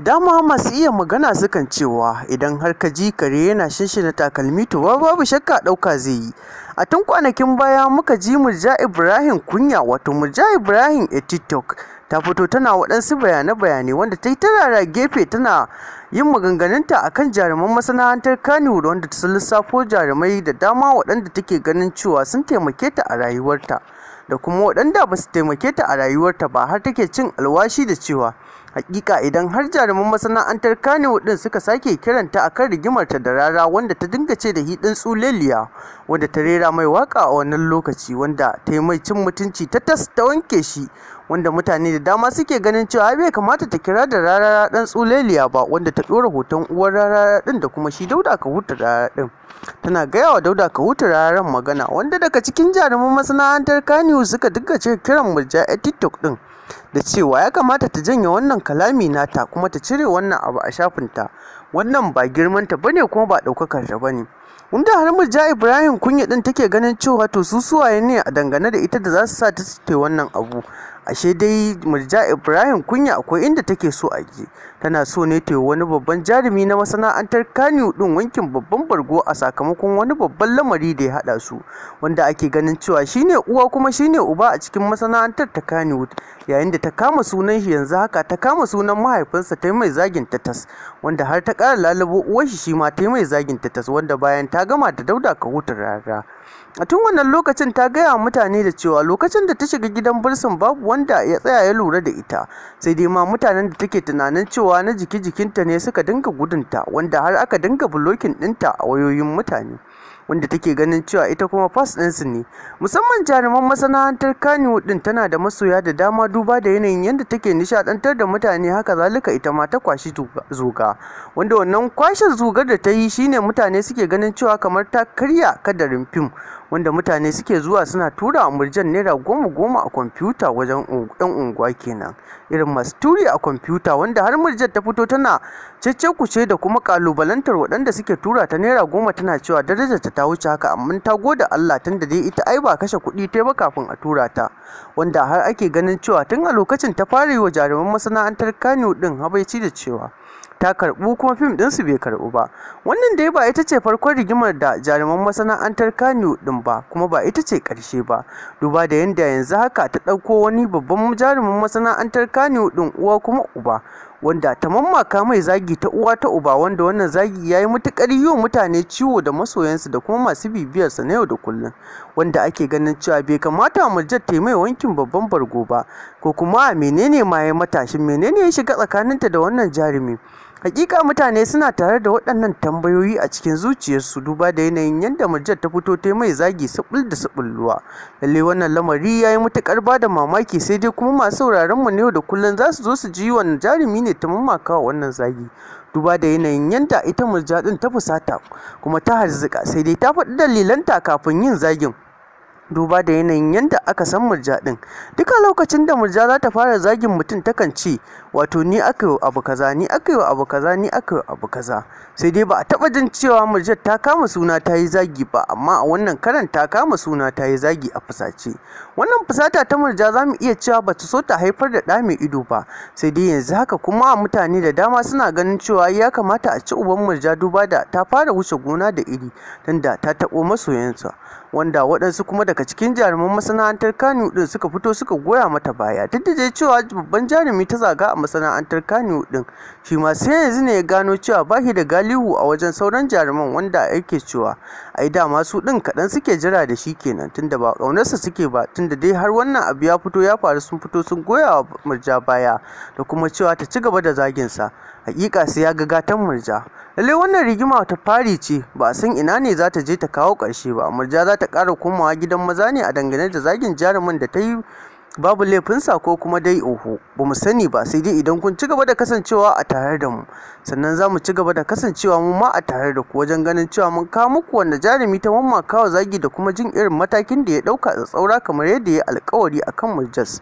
dama masu iya magana sukan cewa idan har ka ji kare yana shinshina takalmi to babu shakka ɗauka zai yi a tun kwanakin baya muka ji murja ibrahim kunya wato murja ibrahim a tiktok ta fito tana waɗansu bayane-bayane wanda ta yi tarara gefe tana yin maganganunta a kan jaruman masana'antar kano wanda ta lissafo jarumai da dama waɗanda take ganin cewa sun taimake ta a rayuwarta da kuma waɗanda ba su taimake ta a rayuwarta ba har take cin alwashi da cewa hakika idan har jaruman masana'antar kanewu din suka sake kiranta akan rigimar ta da rara wanda ta dinga ce da hidin tsuleliya wanda ta rera mai waka a wannan lokaci wanda ta yi mai cin mutunci ta tas ta wanke shi wanda mutane da dama suke ganin cewa bai kamata ta kira da rara dan tsuleliya ba wanda ta dora hoton uwar rara din da kuma shi dauda ka huta rara din tana gaya wa dauda ka huta rara magana wanda daga cikin jaruman masana'antar kanewu suka dinga ce kiran mu murja tiktok din da cewa ya kamata ta janye wannan kalami nata kuma ta cire wannan abu a shafinta wannan ba girmanta bane kuma ba ɗaukakar ta bane wanda har ja ibrahim kunya din take ganin cewa to su suwaye ne a dangane da ita da za su sa ta wannan abu ashe dai murja ibrahim kunya akwai inda take so a je tana so ne ta wani babban jarumi na masana'antar kaniyu din wankin babban bargo a sakamakon wani babban lamari da ya hada su wanda ake ganin cewa shine uwa kuma shine uba a cikin masana'antar ta kaniyu yayin da ta kama sunan shi yanzu haka ta kama sunan mahaifinsa ta mai zagin ta tas wanda har ta kara lalubo uwar shi shi ma ta mai zagin ta tas wanda bayan ta gama da dauda ka hutun rara a tun wannan lokacin ta gaya mutane da cewa lokacin da ta shiga gidan bursin babu wanda ya tsaya ya lura da ita sai dai ma mutanen da take tunanin cewa na jiki jikinta ne suka dinga gudunta wanda har aka dinga bulokin ɗinta a wayoyin mutane wanda take ganin cewa ita kuma fas su ne musamman jaruman masana'antar kaniwood ɗin tana da masoya da dama duba da yanayin yadda take nishadantar da mutane haka zalika ita ma ta kwashi zuga wanda wannan kwashe zugar da ta yi shine mutane suke ganin cewa kamar ta karya kadarin fim wanda mutane suke zuwa suna tura murjan naira goma goma a kwamfuta wajen yan unguwa kenan irin masu turi a kwamfuta wanda har murjan ta fito tana cece kuce da kuma kalubalantar waɗanda suke tura ta naira goma tana cewa darajar ta ta wuce haka amma ta gode Allah tun da dai ita ai ba kashe kuɗi ta ba kafin a tura ta wanda har ake ganin cewa tun a lokacin ta fara yi wa jaruman masana'antar Kano din habaici da cewa ta karɓu kuma fim ɗinsu bai karɓu ba wannan dai ba ita ce farkon rigimar da jaruman masana'antar kano ɗin ba kuma ba ita ce ƙarshe ba duba da yadda yanzu haka ta ɗauko wani babban jaruman masana'antar kano ɗin uwa kuma uba wanda ta mammaka mai zagi ta uwa ta uba wanda wannan zagi ya yi matuƙar yi wa mutane ciwo da masoyansu da kuma masu bibiyarsa na yau da kullum wanda ake ganin cewa bai kamata murjar ta mai wankin babban bargo ba ko kuma menene ma ya matashin menene ya shiga tsakaninta da wannan jarumi hakika mutane suna tare da waɗannan tambayoyi a cikin zuciyarsu duba da yanayin yadda murjiyar ta fito ta yi mai zagi sabul da ruwa. lalle wannan lamari ya yi matuƙar ba mamaki sai dai kuma masu sauraron mu yau da kullum za su zo su ji wannan jarumi ne ta mamaka wa wannan zagi duba da yanayin yadda ita murja ɗin ta fusata kuma ta harzika sai dai ta faɗi dalilanta kafin yin zagin duba da yanayin yadda aka san murja din duka lokacin da murja za ta fara zagin mutum takan ce wato ni aka yi abu kaza ni aka yi abu kaza ni aka yi abu kaza sai dai ba a taba jin cewa murja ta kama suna ta yi zagi ba amma a wannan karan ta kama suna ta yi zagi a fusace wannan fusata ta murja za mu iya cewa ba ta so ta haifar da ɗa mai ido ba sai dai yanzu haka kuma mutane da dama suna ganin cewa ya kamata a ci uban murja duba da ta fara wuce gona da iri tunda ta taɓo masoyansa wanda waɗansu kuma daga cikin jaruman masana'antar kano ɗin suka fito suka goya mata baya duk da cewa babban jarumi ta zaga a masana'antar kano ɗin, shi ma sai yanzu ne ya gano cewa ba shi da galihu a wajen sauran jaruman wanda yake cewa ai da su ɗin kaɗan suke jira da shi kenan tunda ba ƙaunarsa suke ba tunda dai har wannan abu ya fito ya faru sun fito sun goya wa murja baya da kuma cewa ta ci gaba da zagin sa hakika sai ya ga gatan murja lallai wannan rigima ta fari ce ba a san ina ne za ta je ta kawo karshe ba murja za ta ƙara komawa gidan maza ne a dangane da zagin jarumin da ta yi babu sa ko kuma dai oho ba mu sani ba sai dai idan kun ci gaba da kasancewa a tare da mu sannan za mu ci gaba da kasancewa mu ma a tare da ku wajen ganin cewa mun kawo muku wanda jarumi ta mamma kawo zagi da kuma jin irin matakin da ya ɗauka a tsaura kamar yadda ya alkawari akan murjas